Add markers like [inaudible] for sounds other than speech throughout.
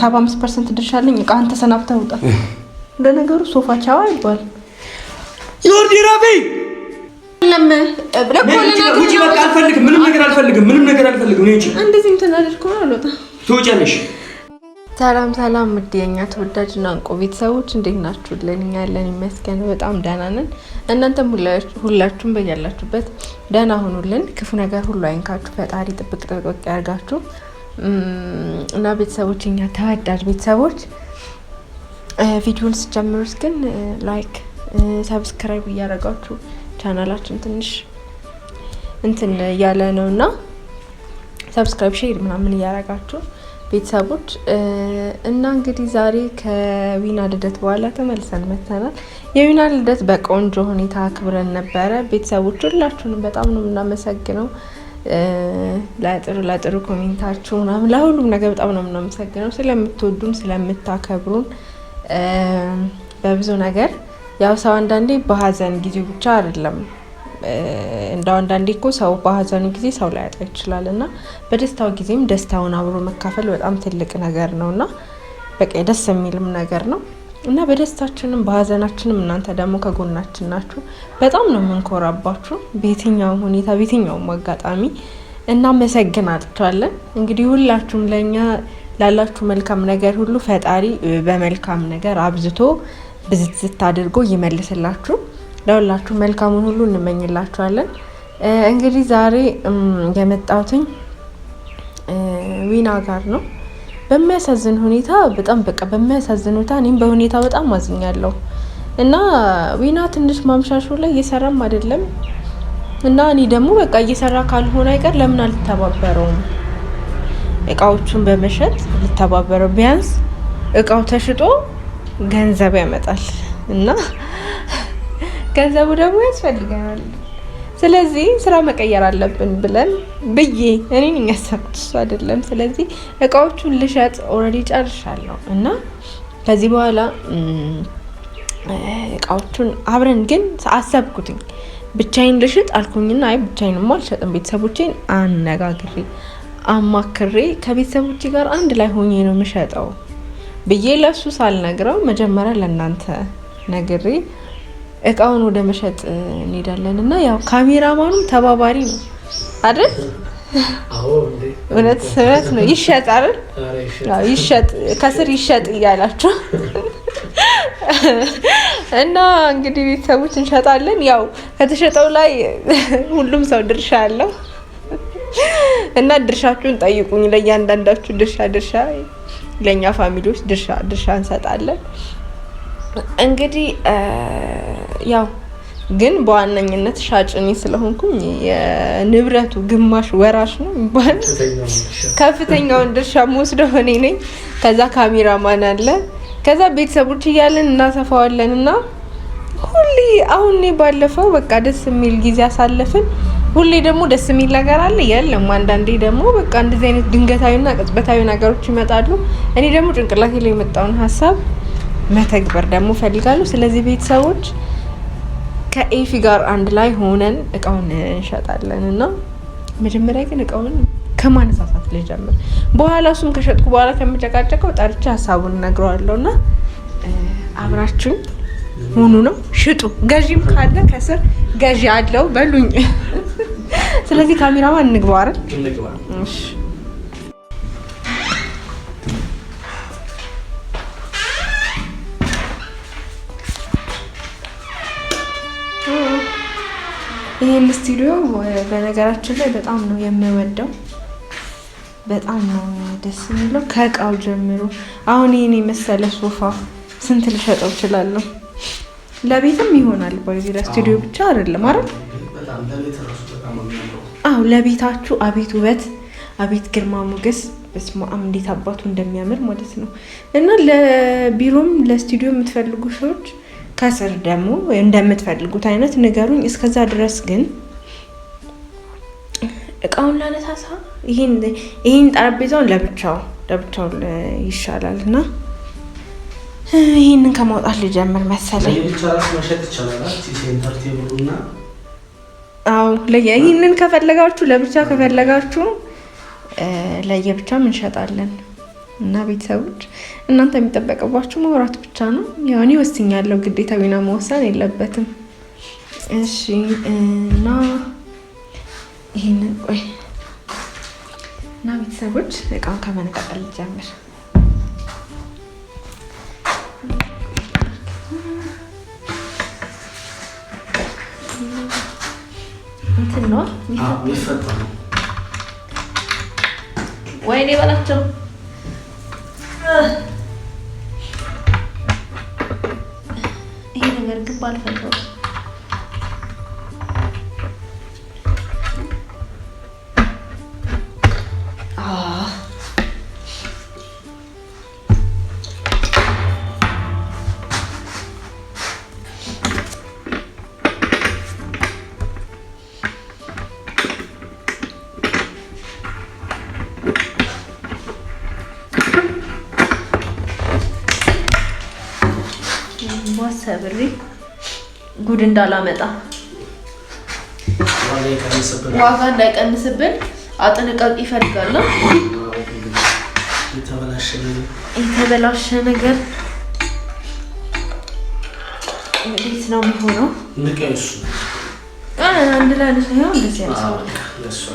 ሰባ አምስት ፐርሰንት ድርሻ አለኝ። እቃህን ተሰናብተህ ውጣ። ለነገሩ ሶፋ ቻዋ ይባል ይወርድ ይራፊ ምንም ነገር ሰላም ሰላም፣ ውድ የኛ ተወዳጅና እንቁ ቤተሰቦች እንዴት ናችሁ? ለኛ ያለን የሚያስገን በጣም ደህና ነን። እናንተም ሁላችሁም በያላችሁበት ደህና ሁኑልን። ክፉ ነገር ሁሉ አይንካችሁ። ፈጣሪ ጥብቅ ጥብቅ ያርጋችሁ። እና ቤተሰቦች እኛ ተወዳጅ ቤተሰቦች ቪዲዮን ስጀምሩት ግን ላይክ ሰብስክራይብ እያደረጋችሁ ቻናላችን ትንሽ እንትን እያለ ነው እና ሰብስክራይብ ሼር ምናምን እያደረጋችሁ ቤተሰቦች እና እንግዲህ ዛሬ ከዊና ልደት በኋላ ተመልሰን መተናል። የዊና ልደት በቆንጆ ሁኔታ አክብረን ነበረ። ቤተሰቦች ሁላችሁንም በጣም ነው የምናመሰግነው። ለጥሩ ለጥሩ ኮሜንታችሁ ምናምን ለሁሉም ነገር በጣም ነው የምናመሰግነው። ስለምትወዱን ስለምታከብሩን በብዙ ነገር ያው ሰው አንዳንዴ በሀዘን ጊዜ ብቻ አይደለም እንደው አንዳንዴ እኮ ሰው በሀዘኑ ጊዜ ሰው ላያጣ ይችላል እና በደስታው ጊዜም ደስታውን አብሮ መካፈል በጣም ትልቅ ነገር ነው እና በቃ ደስ የሚልም ነገር ነው። እና በደስታችንም በሀዘናችንም እናንተ ደግሞ ከጎናችን ናችሁ። በጣም ነው የምንኮራባችሁ በየትኛውም ሁኔታ በየትኛውም አጋጣሚ እናመሰግናችኋለን። እንግዲህ ሁላችሁም ለእኛ ላላችሁ መልካም ነገር ሁሉ ፈጣሪ በመልካም ነገር አብዝቶ ብዝት አድርጎ ይመልስላችሁ። ለሁላችሁ መልካሙን ሁሉ እንመኝላችኋለን። እንግዲህ ዛሬ የመጣሁትኝ ዊና ጋር ነው በሚያሳዝን ሁኔታ በጣም በቃ በሚያሳዝን ሁኔታ እኔም በሁኔታ በጣም አዝኛለሁ። እና ዊና ትንሽ ማምሻሹ ላይ እየሰራም አይደለም እና እኔ ደግሞ በቃ እየሰራ ካልሆነ አይቀር ለምን አልተባበረውም? እቃዎቹን በመሸጥ ልተባበረው። ቢያንስ እቃው ተሽጦ ገንዘብ ያመጣል እና ገንዘቡ ደግሞ ያስፈልገናል። ስለዚህ ስራ መቀየር አለብን ብለን ብዬ እኔን ያሰብኩት እሱ አይደለም። ስለዚህ እቃዎቹን ልሸጥ ኦልሬዲ ጨርሻለሁ እና ከዚህ በኋላ እቃዎቹን አብረን ግን አሰብኩትኝ ብቻዬን ልሽጥ አልኩኝና አይ ብቻዬንማ አልሸጥም፣ ቤተሰቦቼን አነጋግሬ አማክሬ ከቤተሰቦቼ ጋር አንድ ላይ ሆኜ ነው የምሸጠው ብዬ ለሱ ሳልነግረው መጀመሪያ ለእናንተ ነግሬ እቃውን ወደ መሸጥ እንሄዳለን እና ያው ካሜራማኑም ተባባሪ ነው አይደል? እውነት ስበት ነው። ይሸጥ አይደል? ይሸጥ ከስር ይሸጥ እያላችሁ እና እንግዲህ ቤተሰቦች እንሸጣለን። ያው ከተሸጠው ላይ ሁሉም ሰው ድርሻ አለው እና ድርሻችሁን ጠይቁኝ። ለእያንዳንዳችሁ ድርሻ ድርሻ ለእኛ ፋሚሊዎች ድርሻ ድርሻ እንሰጣለን። እንግዲህ ያው ግን በዋነኝነት ሻጭ እኔ ስለሆንኩኝ የንብረቱ ግማሽ ወራሽ ነው የሚባል ከፍተኛውን ድርሻ የምወስደው እኔ ነኝ። ከዛ ካሜራማን አለ። ከዛ ቤተሰቦች እያለን እናሰፋዋለን እና ሁሌ አሁን ባለፈው በቃ ደስ የሚል ጊዜ አሳለፍን። ሁሌ ደግሞ ደስ የሚል ነገር አለ የለም። አንዳንዴ ደግሞ በቃ እንደዚህ አይነት ድንገታዊና ቅጽበታዊ ነገሮች ይመጣሉ። እኔ ደግሞ ጭንቅላቴ ላይ የመጣውን ሀሳብ መተግበር ደግሞ ፈልጋሉ። ስለዚህ ቤተሰቦች ከኤፊ ጋር አንድ ላይ ሆነን እቃውን እንሸጣለን እና መጀመሪያ ግን እቃውን ከማነሳሳት ልጀምር። በኋላ እሱም ከሸጥኩ በኋላ ከምጨቃጨቀው ጠርቼ ሀሳቡን እነግረዋለሁ እና አብራችሁኝ ሁኑ ነው። ሽጡ። ገዢም ካለ ከስር ገዢ አለው በሉኝ። ስለዚህ ካሜራማን እንግባ ይሄን ስቱዲዮ በነገራችን ላይ በጣም ነው የምወደው። በጣም ነው ደስ የሚለው ከእቃው ጀምሮ። አሁን ይህን የመሰለ ሶፋ ስንት ልሸጠው እችላለሁ? ለቤትም ይሆናል ባይዚ፣ ለስቱዲዮ ብቻ አይደለም አይደል? አዎ፣ ለቤታችሁ አቤት ውበት፣ አቤት ግርማ ሞገስ። በስመ አብ እንዴት አባቱ እንደሚያምር ማለት ነው። እና ለቢሮም ለስቱዲዮ የምትፈልጉ ሰዎች ከስር ደግሞ እንደምትፈልጉት አይነት ንገሩኝ። እስከዛ ድረስ ግን እቃውን ላነሳሳ። ይህን ጠረጴዛውን ለብቻው ለብቻው ይሻላል እና ይህንን ከማውጣት ልጀምር መሰለኝ። አዎ ይህንን ከፈለጋችሁ ለብቻ ከፈለጋችሁ ለየብቻም እንሸጣለን። እና ቤተሰቦች እናንተ የሚጠበቅባችሁ መውራት ብቻ ነው። ያው እኔ ወስኛለሁ፣ ግዴታ ቢና መወሰን የለበትም። እሺ እና ይህን ቆይ እና ቤተሰቦች እቃውን ከመነቃቀል ጀምር። እንትን ነው ወይኔ በላቸው ይሄ ነገር ግባ አልፈለውም። ማሰብሪ ጉድ እንዳላመጣ ዋጋ እንዳይቀንስብን አጥንቃቄ ይፈልጋል። የተበላሸ ነገር እንዴት ነው የሚሆነው? አንድ ላይ ነው እንደዚህ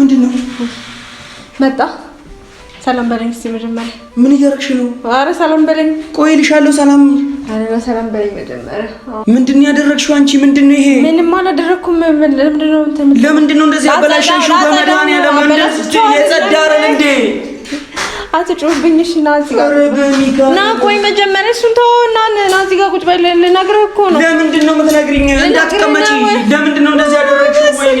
ምንድን ነው? መጣ ሰላም በለኝ እስኪ መጀመሪያ። ምን እያደረግሽ ነው? አረ ሰላም በለኝ። ቆይ እልሻለሁ። ሰላም አረ ሰላም በለኝ መጀመሪያ። ምንድን ነው ያደረግሽው አንቺ? ምንድን ነው ይሄ? ምንም አላደረኩም። ለምንድን ነው ለምንድን ነው እንደዚህ ያበላሽሽው? በመድኃኒዓለም እንደዚህ የጸዳ አይደል እንዴ? አትጮህብኝ እሺ። ና እዚህ ጋር ና። ቆይ መጀመሪያ እሱን ተወውና ና እዚህ ጋር ቁጭ በል። ልነግርህ እኮ ነው። ለምንድን ነው የምትነግሪኝ? እንዳትቀመጪ። ለምንድን ነው እንደዚህ ያደረግሽው? ወይኔ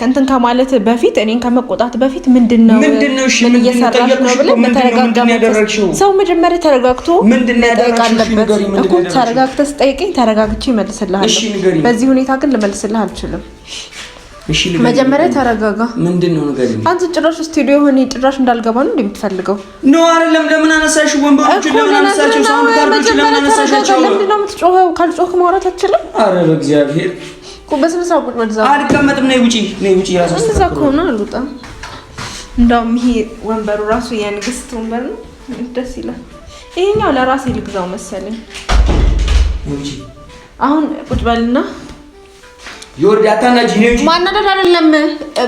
ከእንትን ከማለት በፊት እኔን ከመቆጣት በፊት ምንድን ነው እየሰራሽ ነው ብለን በተረጋጋ ሰው መጀመሪያ ተረጋግቶ ጠይቅ አለበት እኮ። ተረጋግተህ ስጠይቀኝ ተረጋግቼ እመልስልሃለሁ። በዚህ ሁኔታ ግን ልመልስልህ አልችልም። መጀመሪያ ተረጋጋ። ምንድን ነው ነገር? አንተ ጭራሽ ስቱዲዮ የሆነ ጭራሽ እንዳልገባ ነው እንደምትፈልገው ነው አይደለም? ለምን አነሳሽ? ወንበሮቹ ለምን አነሳሽ ሳውንድ ካርዶቹ ለምን አነሳሽ? ለምንድን ነው የምትጮኸው? ካልጮህ ማውራት አትችልም። አረ በእግዚአብሔር እንደውም ይሄ ወንበሩ ራሱ የንግስት ወንበር ነው። ደስ ይላል። ይሄኛው ለራሴ ልግዛው መሰለኝ። አሁን ቁጭ በልና አታናጂ። ማናደድ አይደለም።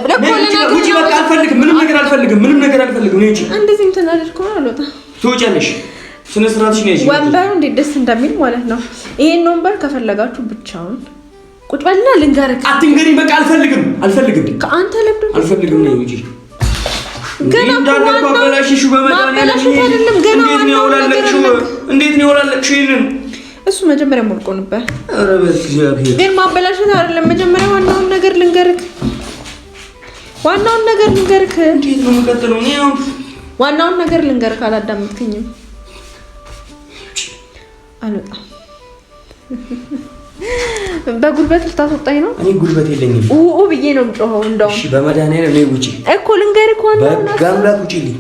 በቃ አልፈልግም። ምንም ነገር አልፈልግም። ምንም ነገር አልፈልግም። እንደዚህ ትወጫለሽ። ስነ ስርዓትሽ ወንበሩ እንዴት ደስ እንደሚል ማለት ነው። ይሄን ወንበር ከፈለጋችሁ ብቻውን ቁጭ በልና ልንገርህ። አትንገሪኝ፣ በቃ አልፈልግም፣ አልፈልግም። ከአንተ ለምዶ አልፈልግም ነው እንጂ ገና ማበላሽሹ በመድኃኒዓለም አይደለም። ገና እንዴት ነው ያላለቅሽው? ይሄንን እሱ መጀመሪያ ሞልቆ ነበር። ኧረ በእግዚአብሔር ግን ማበላሸት አይደለም። መጀመሪያ ዋናውን ነገር ልንገርክ፣ ዋናውን ነገር ልንገርክ። እንዴት ነው የምቀጥለው? እኔ ያው ዋናውን ነገር ልንገርክ። አላዳመጥክኝም። አልወጣም በጉልበት ልታስወጣኝ ነው? እኔ ጉልበት የለኝም። ኡ ብዬ ነው የምጮኸው። እንደውም እሺ፣ በመድኃኒዓለም ነው ውጪ እኮ ልንገርህ። ኮን ነው በጋምላክ ውጪ ልኝ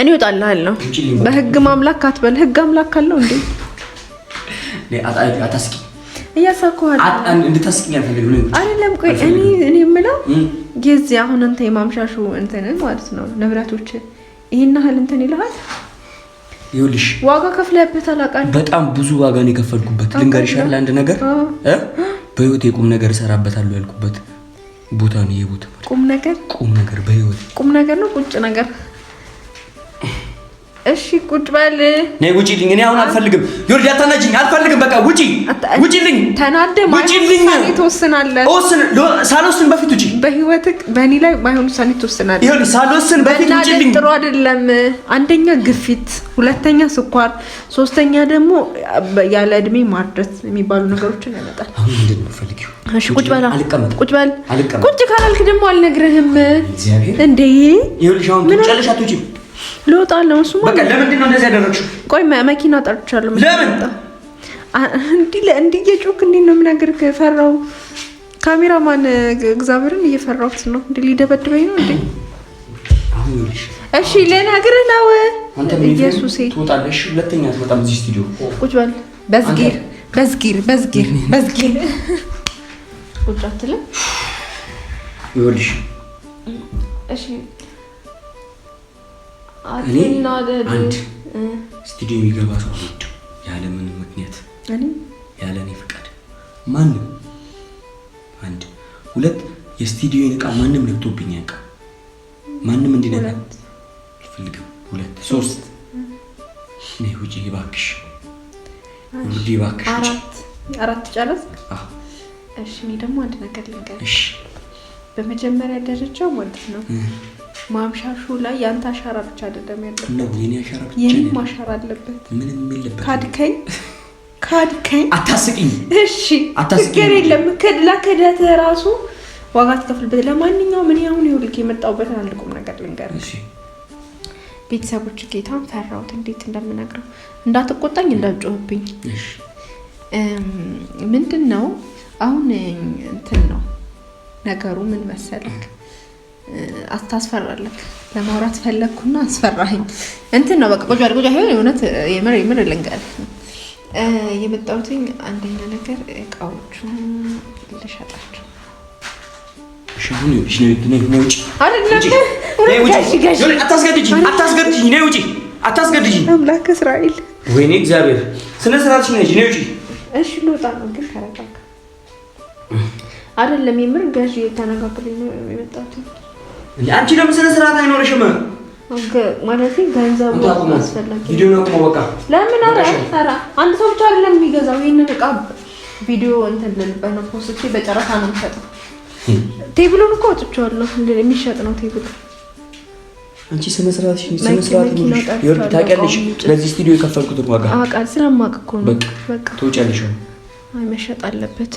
እኔ እወጣልሃለሁ። በህግ ማምላክ አትበል። ህግ አምላክ አለው እንዴ? ለይ አጣይ አታስቂ እያሳኩ እያሳኩሃል። እንድታስቂኝ አልፈልግም። አይደለም፣ ቆይ እኔ እኔ የምለው የዚህ አሁን አንተ የማምሻሹ እንትን ማለት ነው ንብረቶች ይሄን ያህል እንትን ይልሃል ይኸውልሽ ዋጋ ከፍለህበት አላውቃለሁ። በጣም ብዙ ዋጋ ነው የከፈልኩበት። ልንገርሽ አለ አንድ ነገር እ በህይወት የቁም ነገር እሰራበታለሁ ያልኩበት ቦታ ነው ይሄ ቦታ። ቁም ነገር ቁም ነገር በህይወት ቁም ነገር ነው ቁጭ ነገር እሺ ቁጭ በል። ነይ ልኝ። እኔ አሁን አልፈልግም። ዮርዲ አታናጂኝ፣ አልፈልግም። በቃ ውጪ፣ ውጪልኝ። ተናደህ ማለት ውሳኔ ትወስናለህ። ሳልወስን በፊት ውጪ። በህይወትህ በእኔ ላይ ማይሆን ውሳኔ ትወስናለህ። ይኸውልህ ሳልወስን በፊት ልኝ። ጥሩ አይደለም። አንደኛ ግፊት፣ ሁለተኛ ስኳር፣ ሶስተኛ ደግሞ ያለ እድሜ ማርጀት የሚባሉ ነገሮችን ያመጣል። አሁን እሺ ቁጭ በል፣ ቁጭ በል። ቁጭ ካላልክ ደግሞ አልነግርህም። እንዴ ይሁን። ሻውን ትውጫለሽ አትውጪም ልወጣ ለምሱ በቃ ለምንድን ነው እንደዚህ ያደረግሽው? ቆይ መኪና ጠርቻለሁ። ለምን እንዲህ እንዲህ እየጮክ እንዴት ነው የምነግርህ? ከፈራው ካሜራማን እግዚአብሔርን እየፈራሁት ነው። እንዴ ሊደበድበኝ ነው እንዴ? እሺ ልነግርህ ነው። ኢየሱሴ ትወጣለሽ፣ ሁለተኛ አትመጣም እዚህ ስቱዲዮ። ቁጭ በል በዝጊር በዝጊር በዝጊር በዝጊር ቁጭ አትልም። ይኸውልሽ እሺ አንድ ስቱዲዮ የሚገባ ሰው አልወድም፣ ያለምንም ምክንያት ያለ እኔ ፈቃድ ማንም። አንድ ሁለት የስቱዲዮን ዕቃ ማንም ነክቶብኝ ዕቃ ማንም እንዲነካ አልፈልግም። ሁለት ሶስት ነይ ውጪ እባክሽ፣ ውርድ እባክሽ። አራት አራት ጨረስክ? እሺ እኔ ደግሞ አንድ ነገር ልንገርሽ። በመጀመሪያ ደረጃ ወንድ ነው ማምሻሹ ላይ የአንተ አሻራ ብቻ አይደለም ያለበት፣ የኔም አሻራ አለበት። ካድከኝ [laughs] ካድከኝ። አታስቂኝ። እሺ ችግር የለም። ራሱ ዋጋ ትከፍልበት። ለማንኛውም እኔ አሁን ይኸውልህ የመጣሁበትን አንድ ቁም ነገር ልንገር። ቤተሰቦች ጌታን ፈራሁት። እንዴት እንደምነግረው እንዳትቆጣኝ፣ እንዳልጮህብኝ። ምንድን ነው አሁን እንትን ነው ነገሩ። ምን መሰለህ አታስፈራለን ለማውራት ፈለግኩና አስፈራኝ። እንትን ነው በቃ ቆጫ ቆጫ ሆን የእውነት የምር የምር ልንገር የመጣሁትኝ አንደኛ ነገር እቃዎቹ ልሸጣቸው አታስገድጂኝ። እስራኤል ወይኔ እግዚአብሔር ስነ ስርዓት ነጅ ውጪ። እሺ ልወጣ ነው ግን ከረጣ አይደለም የምር ገዢ ተነጋግሬ ነው የመጣሁት። አንቺ ለምን ስነ ስርዓት አይኖርሽም? ማለት ገንዘብ አስፈላጊ ቪዲዮ ነው። በቃ ለምን አረ አረ አንድ ሰው ብቻ አይደለም የሚገዛው። ይሄንን እቃ ቪዲዮ እንትን ልልበት ነው ፖስት በጨረታ ነው የሚሸጠው። ቴብሉን እኮ አውጥቼዋለሁ። የሚሸጥ ነው ቴብሉ። አንቺ ስነ ስርዓት ስነ ስርዓት ይወርድ ታውቂያለሽ። ለዚህ ስቱዲዮ የከፈልኩትን ዋጋ አውቃል። ስለማውቅ እኮ ነው። በቃ ትወጫለሽ። አይ መሸጥ አለበት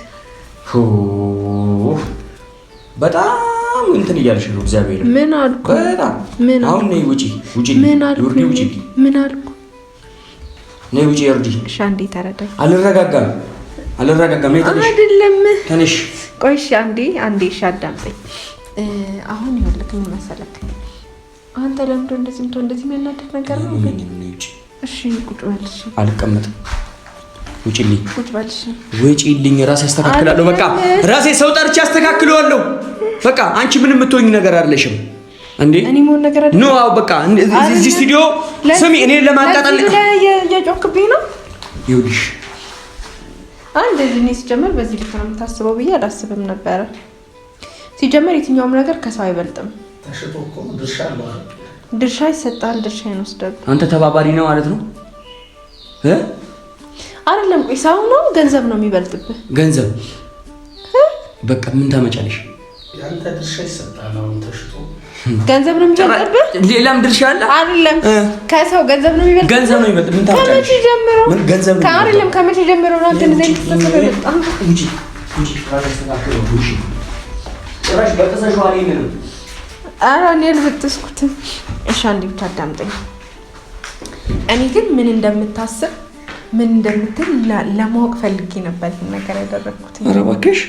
በጣም በጣም እንትን እያልሽ ነው። እግዚአብሔር ምን አልኩ? በጣም አሁን ነይ ውጪ፣ ውጪ። ምን አልኩ? ምን አልኩ? ነይ ውጪ እርዲ። እሺ፣ አንዴ ተረዳኝ። አልረጋጋም፣ አልረጋጋም። አይደለም፣ ተነሽ። ቆይ። እሺ፣ አንዴ፣ አንዴ። እሺ፣ አዳምጠኝ። አሁን ይኸውልህ፣ ምን መሰለህ፣ አንተ ለምዶ እንደዚህ እንትን እንደዚህ የሚያናድድ ነገር ነው። ግን እሺ፣ ቁጭ በል። እሺ፣ አልቀመጥም ውጪልኝ፣ ውጪልኝ። ራሴ አስተካክላለሁ። በቃ ራሴ ሰው ጠርቼ አስተካክለዋለሁ። በቃ አንቺ ምንም የምትሆኝ ነገር አይደለሽም። እንዴ እኔ ምን ነገር አይደለም። ኖ አው በቃ እዚህ ስቱዲዮ ስሚ፣ እኔ ለማጣጣል እየጮክብኝ ነው። ይኸውልሽ አንድ እኔ ሲጀመር በዚህ ልክ ነው የምታስበው ብዬ አላስብም ነበረ። ሲጀመር የትኛውም ነገር ከሰው አይበልጥም። ተሽጦ ድርሻ ይሰጣል። ድርሻ ይወስዳል። አንተ ተባባሪ ነው ማለት ነው እ አይደለም ሰው ነው ገንዘብ ነው የሚበልጥብህ። ገንዘብ በቃ ምን ታመጫለሽ? ያንተ ድርሻ ይሰጣል። አሁን ተሽጦ ገንዘብ ነው የሚበልጥብህ። ሌላም ድርሻ አለ አይደለም? ከሰው ገንዘብ ነው ገንዘብ ነው ምን ታውቃለህ? ከመቼ ጀምሮ ምን ገንዘብ ነው አይደለም? ከመቼ ጀምሮ ነው አንተ ብቻ አዳምጠኝ። እኔ ግን ምን እንደምታስብ ምን እንደምትል ለማወቅ ፈልጌ ነበር ነገር ያደረግኩት። ኧረ እባክሽ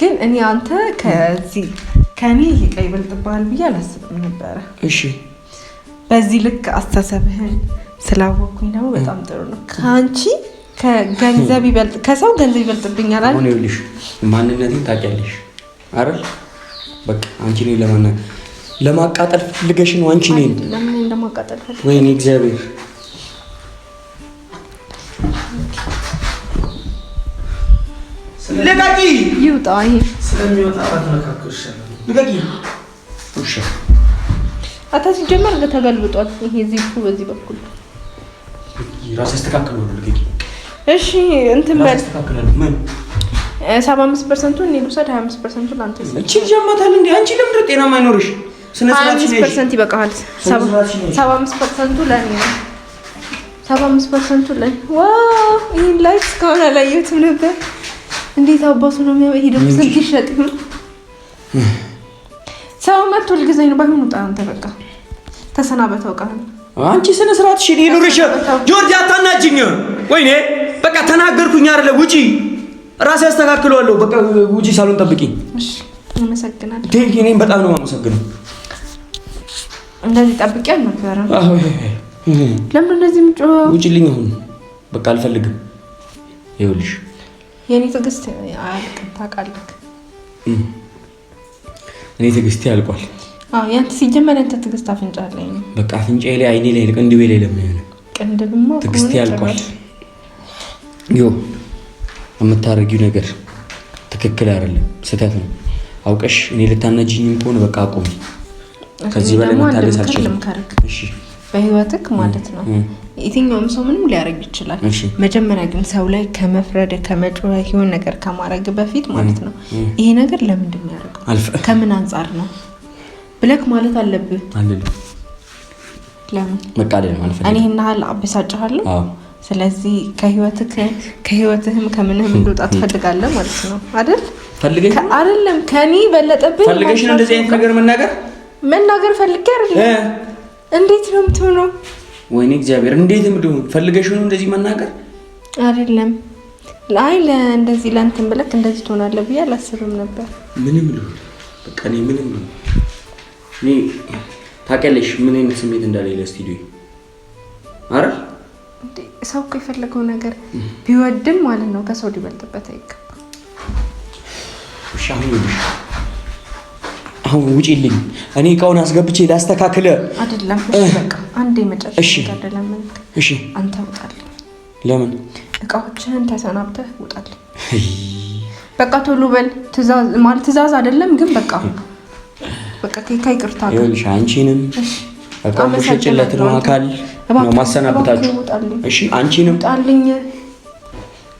ግን እኔ አንተ ከዚህ ከኔ ይልቅ ይበልጥብሃል ብዬ አላስብም ነበረ። እሺ በዚህ ልክ አስተሳሰብህን ስላወኩኝ ደግሞ በጣም ጥሩ ነው። ከአንቺ ከገንዘብ ይበልጥ ከሰው ገንዘብ ይበልጥብኛል አለ። ይኸውልሽ ማንነትን ታውቂያለሽ አይደል? በቃ አንቺ እኔን ለማናገር ለማቃጠል ፈልገሽ ነው። አንቺ ነኝ ለምን እንደማቃጠል ፈልገሽ? ወይኔ እግዚአብሔር ልቀቂ! ይውጣ። ይሄ ስለሚወጣ አታ ሲጀመር ተገልብጧል። ይሄ እዚህ በዚህ በኩል እሺ እንትን በል ሰባ አምስት ፐርሰንቱን እኔ ልውሰድ፣ ሀያ አምስት ፐርሰንቱን እቺ ጀመታል። እንዴ? አንቺ ለምንድን ጤና ማይኖርሽ? ስነ ስርዓት ነሽ። 5% ይበቃሃል። 75% ለኔ ነው። 75% ለኔ ዋው! ይሄን ላይፍ እስካሁን አላየሁትም ነበር። እንዴት አባቱ ነው የሚያመ ሄደ ስልክ ይሸጥ ነው ሰው መጥቶ ልጊዜ ነው። ባይሆን ውጣ አንተ በቃ ተሰናበተው ቃል አንቺ ስነ ስርዓት ሽን ይኑርሽ። ጆርጅ አታናጅኝ። ወይኔ በቃ ተናገርኩኝ አይደለ? ውጪ ራሴ አስተካክለዋለሁ። በቃ ውጪ፣ ሳሎን ጠብቂኝ። እሺ፣ አመሰግናለሁ። ቴንኪ። እኔም በጣም ነው የማመሰግነው። እንደዚህ ጠብቂ አልነበረም። ለምን እንደዚህ ምጮ? ውጪልኝ። አሁን በቃ አልፈልግም። ይኸውልሽ የእኔ ትዕግስት አያልቅም ታውቃለህ። እኔ ትዕግስቴ ያልቋል። ያንተ ሲጀመር ያንተ ትዕግስት አፍንጫ ላይ ነው። በቃ አፍንጫ ላይ አይኔ ላይ ቅንድቤ ላይ ለምን ሆነ? ቅንድብማ ትዕግስቴ አልቋል። ዮ የምታደርጊው ነገር ትክክል አይደለም፣ ስህተት ነው አውቀሽ። እኔ ልታነጂኝም ከሆነ በቃ አቁሚ። ከዚህ በላይ መታገስ አልችልም። እሺ በህይወትክ ማለት ነው የትኛውም ሰው ምንም ሊያደርግ ይችላል። መጀመሪያ ግን ሰው ላይ ከመፍረድ ከመጮህ የሆነ ነገር ከማድረግ በፊት ማለት ነው ይሄ ነገር ለምንድን ነው ያደርገው ከምን አንጻር ነው ብለክ ማለት አለብህ። እኔ ይህን አበሳጭሃለሁ፣ ስለዚህ ከህይወትህም ከምንህም እንድወጣ ትፈልጋለህ ማለት ነው አይደል? አይደለም ከኔ በለጠብህ ፈልገሽ እንደዚህ አይነት ነገር መናገር መናገር ፈልጌ አይደለም። እንዴት ነው የምትሆነው? ወይኔ እግዚአብሔር እንዴት ምድ ፈልገሽ ነው እንደዚህ መናገር አይደለም። አይ እንደዚህ ለእንትን ብለህ እንደዚህ ትሆናለህ ብዬ አላስብም ነበር። ምንም ልሁን በቃ እኔ ምንም ልሁን እኔ ታውቂያለሽ ምን አይነት ስሜት እንዳለኝ ለስቱዲዮ አረ ሰው እኮ የፈለገው ነገር ቢወድም ማለት ነው ከሰው ሊበልጥበት አይገባም። አሁን ውጪልኝ። እኔ እቃውን አስገብቼ ላስተካክለ አይደለም። እሺ በቃ አንዴ መጨረሻ አይደለም። እሺ አንተ ውጣልኝ። ለምን እቃዎችህን ተሰናብተህ ውጣልኝ። በቃ ቶሎ በል። ትእዛዝ ማለት ትእዛዝ አይደለም ግን በቃ በቃ ከይቅርታ ጋር ይኸውልሽ፣ አንቺንም እቃውን ሽጭለት ነው አካል ነው ማሰናብታችሁ። እሺ አንቺንም ጣልኝ።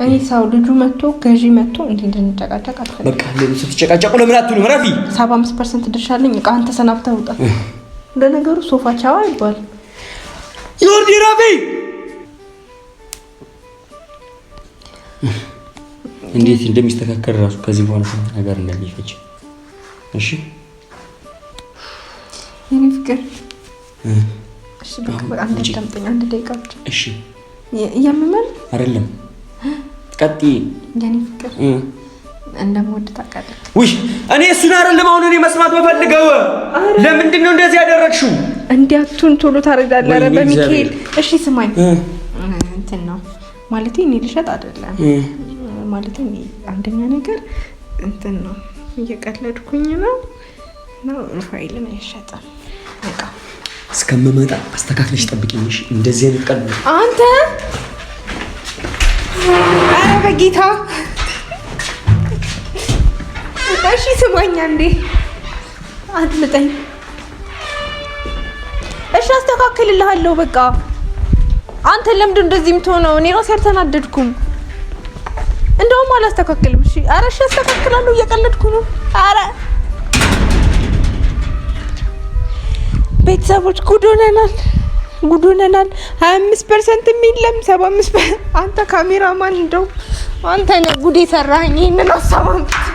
እኔ ሰው ልጁ መጥቶ ገዢ መጥቶ እንዲ እንድንጨቃጨቅ አልፈልግም። በቃ ሌሎች ስትጨቃጨቁ ለምን አትሆንም? ረፊ ሰባ አምስት ፐርሰንት ድርሻ አለኝ። እቃህን ተሰናብተህ ውጣ። ለነገሩ ሶፋ ቻዋ ይባል ይወርድ። ረፊ እንዴት እንደሚስተካከል ራሱ ከዚህ በኋላ ነገር እንደሚፈጭ እሺ፣ የኔ ፍቅር እሺ፣ በቃ አንድ ደቂቃ ብቻ እሺ። ያምማል አይደለም ቀጥ እንደምወድ ታውቃለህ። ውይ እኔ እሱን አይደለም አሁን እኔ መስማት መፈልገው ለምንድን ነው እንደዚህ ያደረግሽው? እንዲያቱን ቶሎ ታረጋለረ በሚካኤል። እሺ ስማኝ፣ እንትን ነው ማለት እኔ ልሸጥ አይደለም ማለት እኔ አንደኛ ነገር እንትን ነው እየቀለድኩኝ ነው ነው ሩፋኤልን አይሸጥም በቃ እስከምመጣ አስተካክለሽ ጠብቂኝ። እንደዚህ አይነት ቀልድ አንተ ኧረ በጌታ እሺ፣ ስማኝ እንዴ አድምጠኝ። እሺ፣ አስተካክልልሃለሁ። በቃ አንተ ለምንድን እንደዚህ የምትሆነው? እኔ ራሴ አልተናደድኩም። እንደውም አላስተካክልም። እሺ፣ ኧረ እሺ፣ አስተካክላለሁ። እየቀለድኩ ነው። ኧረ ቤተሰቦች ጉድ ሆነናል። ጉድ ሆነናል። ሀያ አምስት ፐርሰንት የሚለም ሰባ አምስት አንተ ካሜራማን እንደው አንተ ነህ ጉድ የሰራኸኝ ይህንን